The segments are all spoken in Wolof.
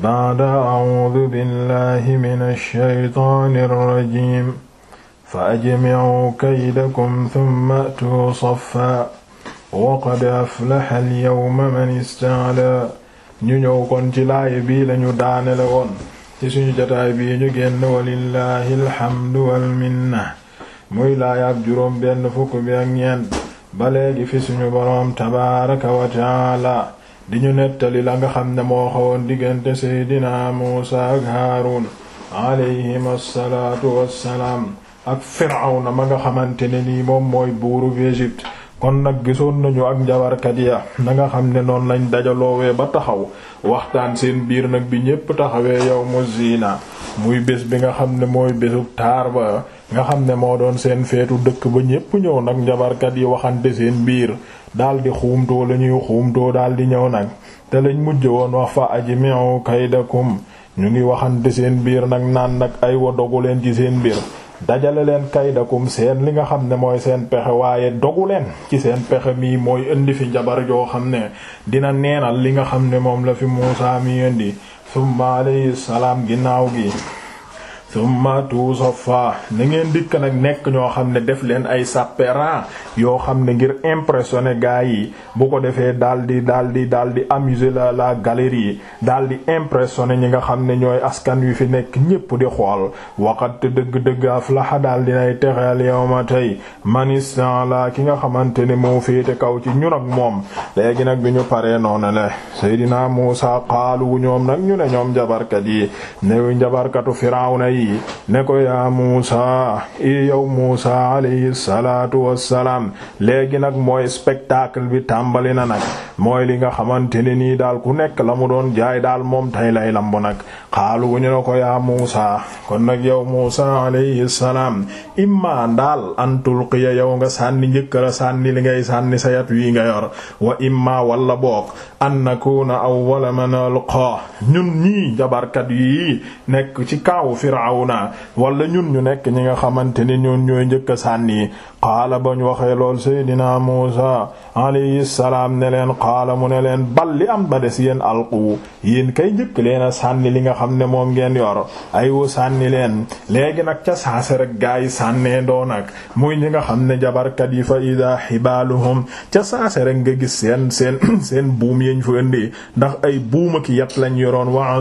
ba'da a'uudu billahi mina shaytaani rajiim fa ajmi'uu kaydakum thumma a'tuu saffaa wa qad aflaha al-yawma man ista'laa ñu ñëw kon ci laaya bii lañu daanele woon ci suñu jotaay bii ñu génn walillahi alhamdu wal minna muy laaya ak juróom benn fukk bi ak ñeent ba léegi fi suñu boroom tabaaraka wa ta'aala di ñu nettali la nga xam ne moo xawoon diggante seydina Muusa ak Haaruun alayhim assalaatu wassalaam ak Firawna ma nga xamante ne nii moom mooy buuru Égypte kon nag gisoon nañu ak njabarkat ya na nga xam ne noonu lañ dajaloowee ba taxaw waxtaan seen biir nag bi ñépp taxawee yow yawmu ziina muy bés bi nga xam ne mooy bésu taar ba nga xam ne moo doon seen feetu dëkk ba ñépp ñëw nag njabarkat yi waxante seen biir daal di xuumtoo la ñuy xuumtoo daal di ñëw nag te lañ mujj woon wax fa aji ajmi'u kaydakum ñu ngi waxante seen biir nag naan nag ay wa dogu leen ci seen biir dajale leen kaydakum seen li nga xam ne mooy seen pexe waaye dogu leen ci seen pexe mii mooy indi fi jabar joo xam ne dina neenal li nga xam ne moom la fi Muusaa mi indi summa alayhi salaam ginnaaw gi thumma tusaffa na ngeen dikk nag nekk ñoo xam ne def leen ay sapera yoo xam ne ngir impressionner gaa yi bu ko defee daal di daal di daal di amuser la la galerie daal di impressionner ñi nga xam ne ñooy askan wi fi nekk ñépp di xool waqat te dëgg-dëgg aflaha daal dinay texeel yawma tey manistan la ki nga xamante ne moo féete kaw ci ñun ak moom léegi nag bi ñu paree noonu le Seydina Muusa xaalu ñoom nag ñu ne ñoom njabarkat yi new njabarkatu Firawna yi yi ne ko yaa Muusa i yow Muusa alayhi salaatu wassalaam léegi nag mooy spectacle bi tàmbali na nag mooy li nga xamante ne nii daal ku nekk la mu doon jaay daal moom tey lay lamb nag xaalu wu ñu ne ko yaa Muusa kon nag yow Muusa alayhi salaam imma daal an tulqiya yow nga sànni njëkkër sànni li ngay sànni sa yat wii nga yor wa imma walla boog an nakuna awwala man alqa ñun ñii jabarkat yi nekk ci kaawu Fir'awn fir'awna wala ñun ñu nekk ñi nga xamante ne ñoon ñooy njëkk a sànni qaala ba ñu waxee lool seydina Muusa alayhi salaam ne leen qaala mu ne leen bal li am ba des yéen alqu yéen kay njëkk leen a sànni li nga xam ne moom ngeen yor aywa sànni leen léegi nag ca saase rek gaa yi sànnee doo nag muy ñi nga xam ne jabarkat yi fa ida xibaaluhum ca saase rek nga gis seen seen seen buum yeñ fa ndax ay buuma ki yat lañ yoroon wa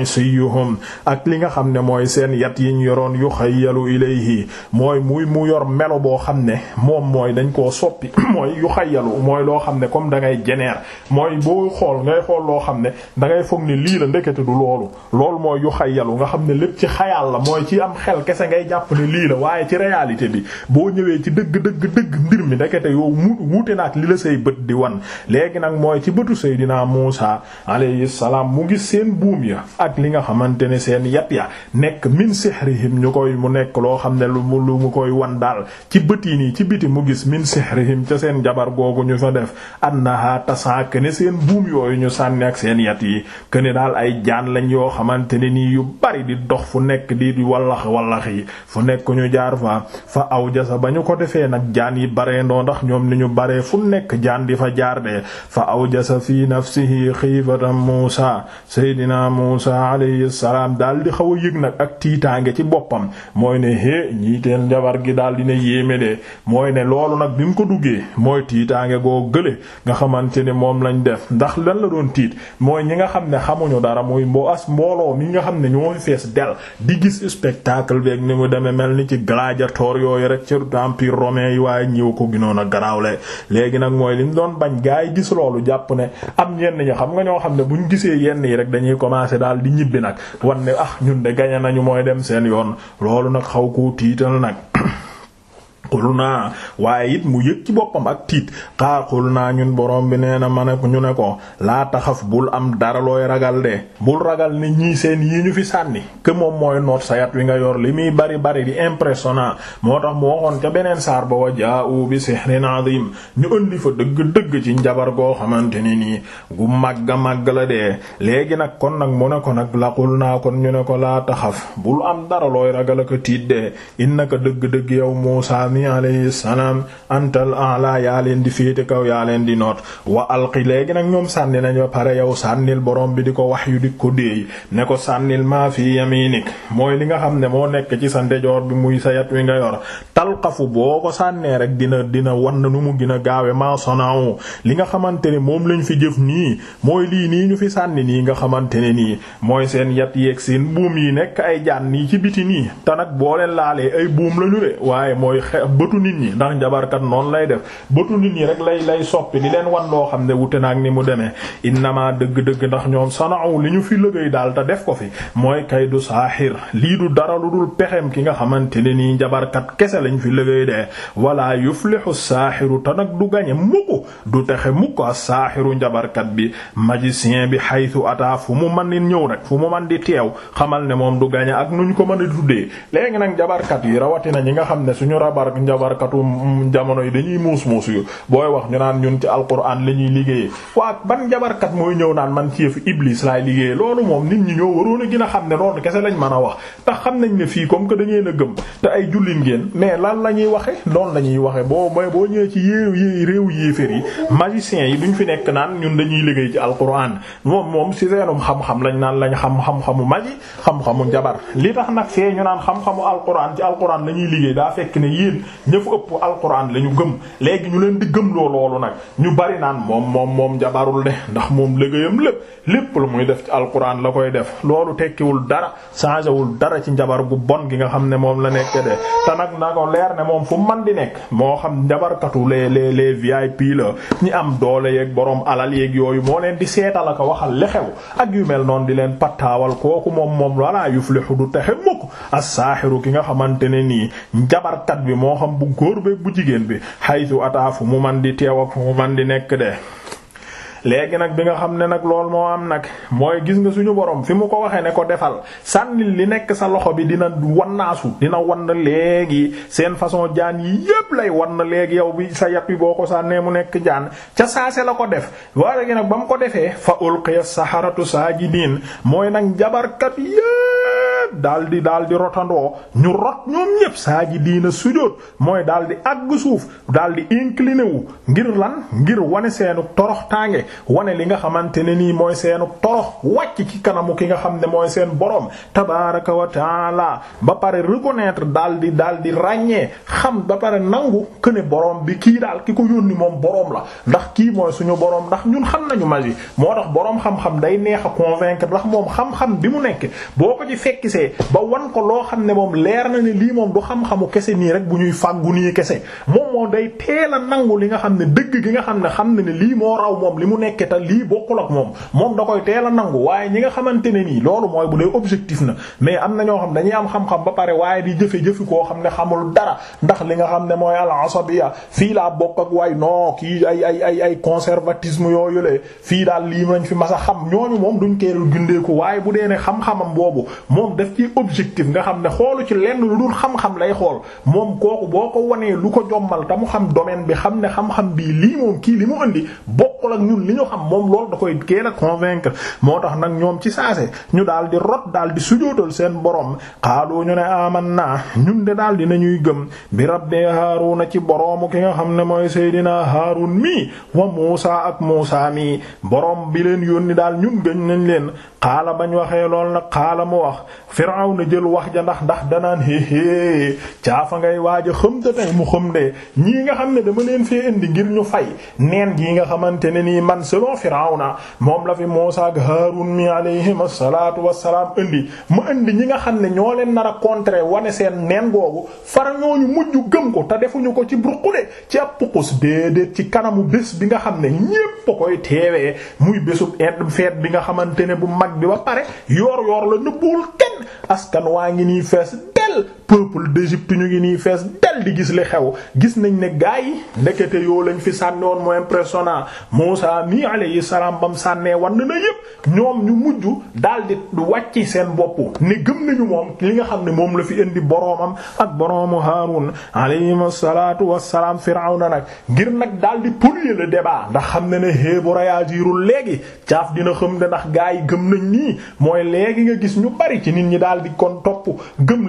asiyuhum ak li nga xam ne mooy seen seen yat yiñ yoroon yu xayyalu ilayhi mooy muy mu yor melo boo xam ne moom mooy dañ koo soppi mooy yu xayyalu mooy loo xam ne comme dangay ngay jeneer mooy boo xool ngay xool loo xam ne da ngay foog ni lii la ndekete du loolu loolu mooy yu xayyalu nga xam ne lépp ci xayaal la mooy ci am xel kese ngay jàpp ne lii la waaye ci réalité bi boo ñëwee ci dëgg dëgg dëgg mbir mi ndekete yow mu wuute naak li la say bët di wan léegi nag mooy ci bëtu Seydina Muusa alayhi salaam mu ngi seen buum ya ak li nga xamante ne seen yat ya nekk min sihrihim ñu mu nekk loo xam ne lu mu lu mu koy wan daal ci bët yi nii ci biti mu gis min sihrihim ca seen jabar googu ñu fa def annaha tasaa ne seen buum yooyu ñu sànni ak seen yat yi ne daal ay jaan lañ yoo xamante ne nii yu bari di dox fu nekk di wallax wallax yi fu nekk ñu jaar fa fa aw jasa ba ñu ko defee nag jaan yi bare ndoo ndax ñoom ni ñu baree fu nekk jaan di fa jaar de fa aw jasa fi nafsihi xiifatan Muusa sayidina Muusa alayhi salaam daal di xaw yëg nag ak tiitaange ci boppam mooy ne hé ñii jabar gi daal dina yéeme de mooy ne loolu nag bi mu ko duggee mooy tiitaange goo gële nga xamante ne moom lañ def ndax lan la doon tiit mooy ñi nga xam ne xamuñu dara muy mbo as mbooloo mi nga xam ne ñoo fees del di gis spectacle beeg ni mu demee mel ni ci gladiator yooyu rek ci empire romain yi waaye ñëw ko ginoon a garaawle léegi nag mooy li mu doon bañ gaa yi gis loolu jàpp ne am yenn ñi xam nga ñoo xam mooy dem seen yoon loolu nag xaw koo tiital nag xul naa waaye it mu yëg boppam ak tiit xaa xul naa ñun borom bi nee na ma ne ñu ne ko laa taxaf bul am dara looy ragal de bul ragal ne ñii seen yii sànni que moom mooy noot sa yat nga yor li muy bari bari di impressionnant moo tax mu ca beneen saar ba wa jaa'u bi sihrin azim ñu indi dëgg-dëgg ci njabar goo xamante ne nii gu màgga màgg la dee léegi nag kon nag mu ne ko nag laqul naa kon ñu ne ko laa taxaf bul ak tiit de innaka dëgg-dëgg yow Muusaa mi yi alayhi salaam antal a'la yaa leen di féete kaw yaa leen di noot wa alqi léegi nag ñoom sànni nañ ba pare yow sànnil borom bi di ko wax yu di ko déey ne ko sànnil maa fi yaminik mooy li nga xam ne moo nekk ci sa ndejoor bi muy sa yat wi nga yor talqafu boo ko sànnee rek dina dina wan nu mu gën a gaawe maa sonaawu li nga xamante ne moom lañ fi jëf nii mooy lii nii ñu fi sànni nii nga xamante ne nii mooy seen yat yeeg seen buum yi nekk ay jaan bëtu nit ñi ndax njabarkat noonu lay def bëtu nit ñi rek lay lay soppi di leen wan loo xam ne wute naag ni mu demee innama dëgg-dëgg ndax ñoom sanaaw li ñu fi lëgëy daal te def ko fi mooy kay du saaxir lii du dara lu dul pexem ki nga xamante ne nii njabarkat kese lañ fi lëgëy dee wala yuflihu saaxiru te nag du gañe mukk du texe mukk a saaxiru njabarkat bi magicien bi haythu ata fu mu man di ñëw rek fu mu man di teew xamal ne moom du gañe ak nuñ ko mën ak njabarkatu jamono yi dañuy muus muus yu booy wax ñu naan ñun ci alquran la ñuy liggéeyee waa ban njabarkat mooy ñëw naan man ci yëfu iblis laay liggéeyee loolu moom nit ñi ñoo waroon a gën a xam ne loolu kese lañ mën a wax tax xam nañ ne fii comme que dañu leen a gëm te ay jullit ngeen mais lan la ñuy waxe loolu la ñuy waxe boo boo ñëwee ci réew yéefér yi magiciens yi duñ fi nekk naan ñun dañuy liggéey ci alquran moom moom ci seenum xam-xam lañ naan lañ xam xam xam-xamu njabar li xamu alquran ci alquran lañuy liggéey daa ña fa ëpp alquran la ñu gëm léegi ñu leen di gëm loo loolu nag ñu bari naan moom moom moom jabarul de ndax moom liggéeyam lépp lépp lu muy def ci alquran la koy def loolu tekkiwul dara changé wul dara ci njabar gu bon gi nga xam ne moom la nekk te nag na leer ne moom fu man di nekk moo xam njabarkatu les les les VIP la ñi am doole yeeg borom alal yeeg yooyu moo leen di seetal ak waxal li xew ak yu mel noonu di leen pattaawal kooku moom moom du texe mukk ki nga xamante ne njabarkat bi moo moo xam bu góor be bu jigéen bi haythu ataa fu mu man di teew ak mu man di nekk de léegi nag bi nga xam ne nag lool moo am nag mooy gis nga suñu boroom fi mu ko waxee ne ko defal sànni li nekk sa loxo bi dina wannaasu dina wann léegi seen façon jaan yi yépp lay wann léegi yow bi sa yat bi boo ko sànnee mu nekk jaan ca saase la ko def waa léegi nag ba mu ko defee fa ulqiya saharatu saajidiin mooy nag jabarkat yépp yépp daal daal di rotandoo ñu rot ñoom ñépp saa ji diina sujóot mooy daal di àgg suuf daal di incliné wu ngir lan ngir wane seenu torox tànge wane li nga xamante ne nii mooy seenu torox wàcc ci kanamu ki nga xam ne mooy seen borom tabaraka wa taala ba pare reconnaître daal di daal di ràññee xam ba pare nangu këne borom bi kii daal ki ko yónni moom borom la ndax kii mooy suñu borom ndax ñun xam nañu magi moo tax borom xam-xam day neex a ndax moom gisee ba wan ko loo xam ne moom leer na ne lii moom du xam-xamu kese nii rek bu ñuy fàggu nii kese moom moo day teel a nangu li nga xam ne dëgg gi nga xam ne xam na ne lii moo raw moom li mu nekke te lii bokkul ak moom moom teel a nangu waaye ñi nga xamante ne nii loolu mooy bu dee objectif na mais am na ñoo xam dañuy am xam ba pare waaye di jëfe-jëfi koo xam ne xamul dara ndax li nga xam ne mooy al asabiya fii laa bokk ak waay non kii ay ay ay ay yooyu le fii daal lii lañ fi mas a xam ñooñu moom duñ teel gundeeku waaye bu dee ne xam def ci objectif nga xam ne xoolu ci lenn lu dul xam-xam lay xool moom kooku boo ko wanee lu ko jommal te mu xam domaine bi xam ne xam-xam bii lii moom kii li mu indi bokkul ak ñun li ñu xam moom loolu da koy gën a convaincre moo tax nag ñoom ci saase ñu daal di rot daal di sujootal seen borom xaalu ñu ne naa ñun de daal di nañuy gëm bi rabbi haaruna ci boroomu ki nga xam ne mooy seydinaa haarun mii wa muusa ak muusa mii borom bi leen yónni daal ñun gëñ nañ leen xaala bañ waxee lool nag xaala mu wax na jël wax ja ndax ndax danaan héehée caafa ngay waaj a xëm te tey mu xëm de ñii nga xam ne dama leen fee indi ngir ñu fay neen gii nga xamante ne nii man selon Firawna moom la fi Muusaa ak Haarun mi alayhim assalaatu wassalaam indi mu indi ñi nga xam ne ñoo leen nara a wane seen neen googu fara ñooñu mujj gëm ko te defuñu ko ci burqule ci ab pukus déedéet ci kanamu bés bi nga xam ne ñépp koy teewee muy bésu edd feet bi nga xamante ne bu mag bi ba pare yoor yoor la nëbbuwul kenn askan waa ngi nii fees del peuple d'Égypte ñu ngi nii fees del di gis li xew gis nañ ne gaa yi ndekete yoo lañ fi sànni woon moo impressionnant mii mi alayhi salaam bam sànnee wan na yépp ñoom ñu mujj daal di wàcci seen bopp ne gëm nañu moom li nga xam ne moom la fi indi boroomam ak boroomu Haarun alayhi salaatu wa wassalaam Firawna nag ngir nag daal di polluer le ndax xam ne ne héebu réagirul léegi caaf dina xam ne ndax gaa yi gëm nañ nii mooy léegi nga gis ñu bari ci nit ñi daal di kon topp gëm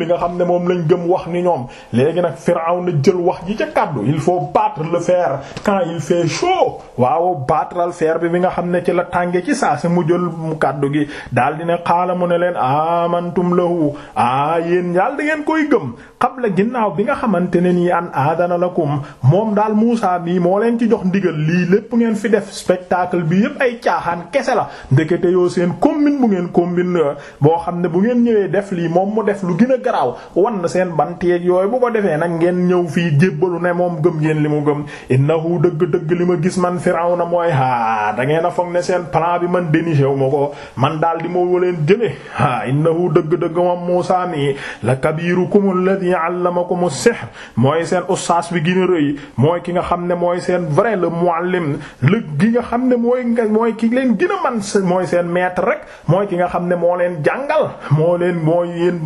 moom lañ gëm wax ni ñoom léegi nag na jël wax ji ca kàddu il faut battre le fer quand il fait chaud waaw battre le fer bi bi nga xam ne ci la tànge ci saa si mu jël mu kàddu gi daal di ne xaala mu ne leen amantum la a yéen daal da ngeen koy gëm la ginnaaw bi nga xamante ne nii an aadana lakum moom daal Muusaa mii moo leen ci jox ndigal lii lépp ngeen fi def spectacle bi yépp ay caaxaan kese la ndekete yoo seen combine bu ngeen combine boo xam ne bu ngeen ñëwee def lii moom mu def lu gën garaaw na seen banteeg yooyu bu ko defee nag ngeen ñëw fii jébbalu ne moom gëm ngeen li mu gëm innahu dëgg-dëgg li ma gis man Firawna mooy haa da ngeen a foog ne seen plan bi man déniché wu ma ko man daal di ma waleen jële haa innahu dëgg-dëgg ma Muusaa nii la kabirukum alladhi allamakum as-sihr mooy seen ustaas bi gën a rëy mooy ki nga xam ne mooy seen vrai le muallim le gi nga xam ne mooy mooy ki leen a man mooy seen maître rek mooy ki nga xam ne moo leen jàngal moo leen mooy yéen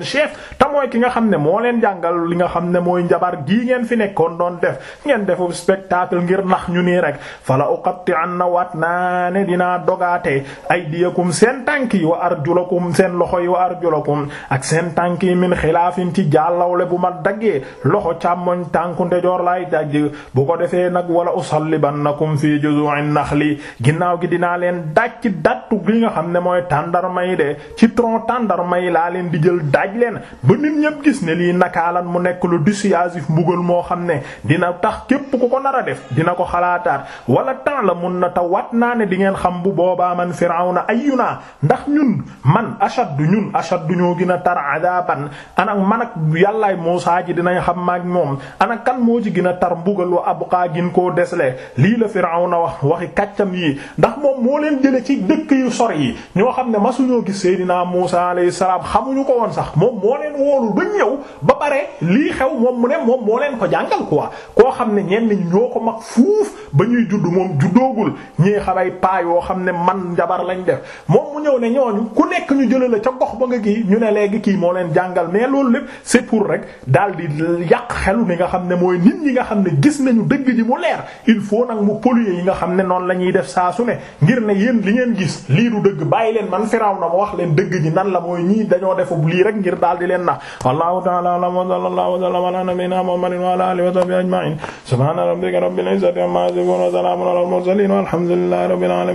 seen chef te ki nga xam ne moo leen jàngal li nga xam ne mooy njabar gii ngeen fi nekkoon doon def ngeen defu spectacle ngir nax ñu nii rek fala uqatti'anna waat naa ne dinaa dogaate aydiyakum seen tànk yi wa arjulakum seen loxo yi wa arjulakum ak seen tànk yi min xilaafin ci jàllawle bu ma daggee loxo càmmoñ tànku ndejoor laay dagg bu ko defee nag wala usallibannakum fii juzu'in naxli ginnaaw gi dinaa leen daj ci dattu li nga xam ne mooy tàndarma yi de ci tronc tàndarma yi laa leen daaj leen ba nit ñëpp gis ne lii nakaalan mu nekk lu dissuasif mbugal moo xam ne dina tax képp ku ko nar a def dina ko xalaataat wala temps la mun na ta wat naa ne di ngeen xam bu boobaa man firawna ayyuna ndax ñun man ashaddu ñun ashaddu ñoo gën a tar adaban anak man ak yàllaay Muusaa ji dinañ xam maak moom anak kan moo ci gën a tar mbugal wa abqaa gin koo desle lii la firawna wax waxi kàccam yi ndax moom moo leen jële ci dëkk yu sor yi ñoo xam ne masuñoo gis Seydina Muusaa alayhi xamuñu ko woon sax moom moo leen wóolu ba ñëw ba pare lii xew moom mu ne moom moo leen ko jàngal quoi koo xam ne ñenn ñi ñoo ko mag fuuf ba ñuy judd moom juddoogul ñii xamay paa yoo xam ne man njabar lañ def moom mu ñëw ne ñooñu ku nekk ñu jëla la ca gox ba nga kii ñu ne léegi kii moo leen jàngal mais loolu lépp c'est pour rek daal di yàq xelu ni nga xam ne mooy nit ñi nga xam ne gis nañu dëgg ji mu leer il faut nag mu polluer yi nga xam ne noonu la ñuy def saa su ne ngir ne yéen li ngeen gis lii du dëgg bàyyi leen man firaw na ma wax leen dëgg ji nan la mooy ñii dañoo def lii rek ngir daal di leen nax wallahu ta'ala a'lam wa sallallahu wasallam ala nabiyyina muhammadin wa ala alihi wa sahbihi ajma'in subhana rabbika rabbil izzati amma yasifun wa salamun ala al mursalin walhamdulillahi rabbil alamin